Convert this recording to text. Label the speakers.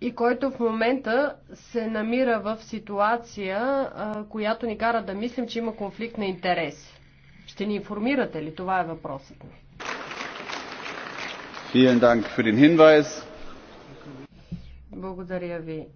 Speaker 1: и който в момента се намира в ситуация, която ни кара да мислим, че има конфликт на интереси. Ще ни информирате ли? Това е въпросът ми.
Speaker 2: Благодаря ви